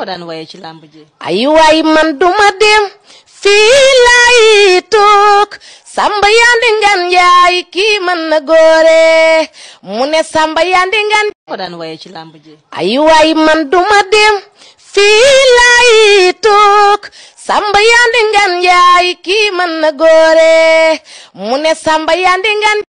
ko daan ci làmb ji ay waay man duma dem fii laay toog samba yandi ngan yaay kii man na góore mu ne samba yandi ngan ko ci làmb ji ay waay man duma dem fii laay toog samba yandi ngan yaay kii man na góore mu ne samba yandi ngan